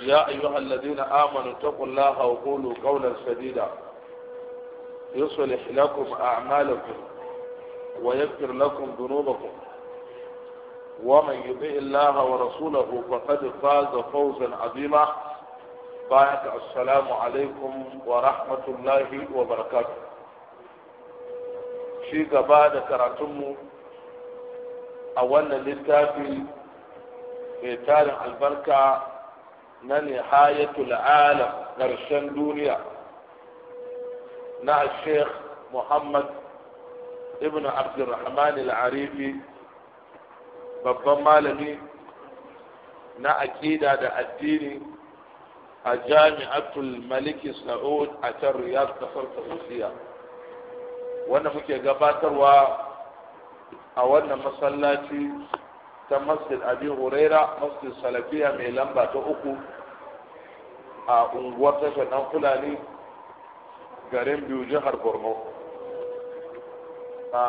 يا أيها الذين آمنوا اتقوا الله وقولوا قولا سديدا يصلح لكم أعمالكم ويغفر لكم ذنوبكم ومن يطع الله ورسوله فقد فاز فوزا عظيما بعد السلام عليكم ورحمة الله وبركاته في بعد كراتمه أولا للتافي في تاريخ البركة na nihayatul alam ƙarshen duniya na sheikh muhammad ibn abdurrahman al-arifi babban malami na aƙida da addini a jami'atul maliki sa'ud a can riyadh kasar saudiya wanda muke gabatarwa a wannan masallaci ta masjid abi huraira masjid salafiya mai lamba ta uku a unguwar tashar dan fulani garin biyu jihar borno a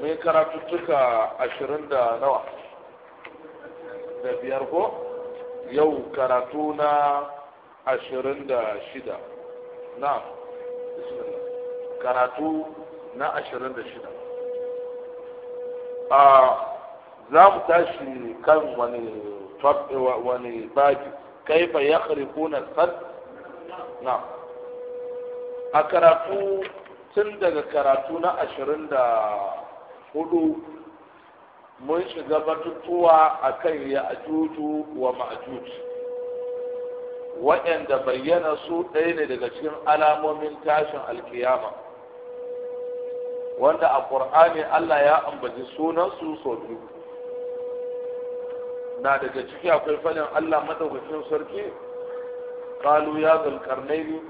mai karatuttuka ashirin da nawa da biyar ko yau karatu na ashirin da shida na karatu na ashirin da shida za mu tashi kan wani wani baki kaifa ya na sad na a karatu tun daga karatu na ashirin da hudu mun shiga batutuwa a kan ya ajuju wa ma'ajuju. waɗanda bayyana su ɗaya ne daga cikin alamomin tashin alkiyama wanda a ƙur'ani Allah ya ambaci sunan su so biyu na daga ciki akwai falin Allah madaukakin sarki qalu ya zal qarnaini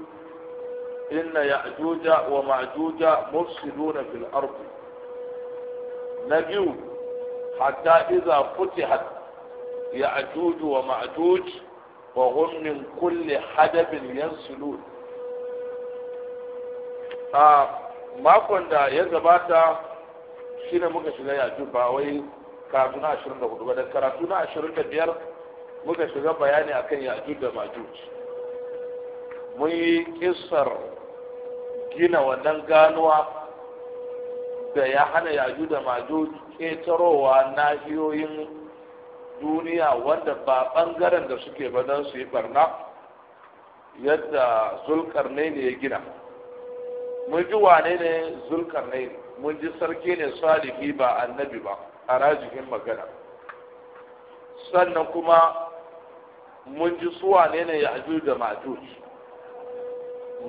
inna ya'juja wa ma'juja mufsiduna fil ard na biyu hatta idza futihat ya'juj wa ma'juj wa hum min kulli hadabin yansulun makon da ya gabata shi ne muka shiga yaju ba wai karatu na ashirin da hudu ba da karatu na ashirin da biyar muka shiga bayani akan yaju da majuj mun yi kisar gina wannan ganuwa da ya hana yaju da majuj ƙetarowa nahiyoyin duniya wanda ba ɓangaren da suke ba don su yi barna yadda zulkar ne ya gina mun ji wane ne ne mun ji sarki ne salihi ba annabi ba a rajihin magana sannan kuma mun ji su wane ne ya'juj da majus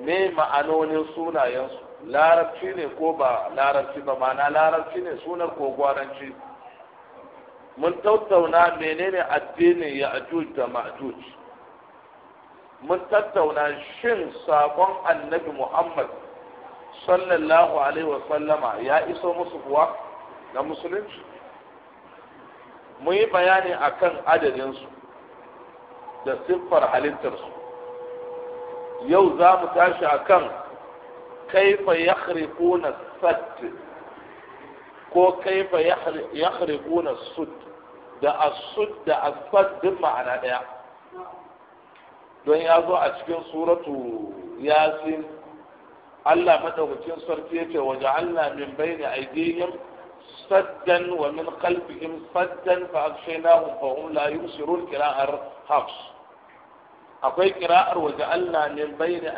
Ne ma'anonin sunayensu larabci ne ko ba larabci ba ma'ana larabci ne sunar ko gwaranci mun tattauna menene addinin ya'juj da majus mun tattauna shin sakon annabi muhammad sallallahu alaihi wa sallama ya iso musu kuwa na musulunci mun yi bayani akan adadinsu da siffar halittarsu yau za mu tashi akan kaifa yakhrifuna sat ko kaifa yakhrifuna sud da as-sud da as-sad duk ma'ana ɗaya don ya zo a cikin suratu yasin الله مدوكين صرفيته وجعلنا من بين أيديهم سدا ومن قلبهم سدا فأغشيناهم فهم لا يبصرون كراء حفص أقول كراء وجعلنا من بين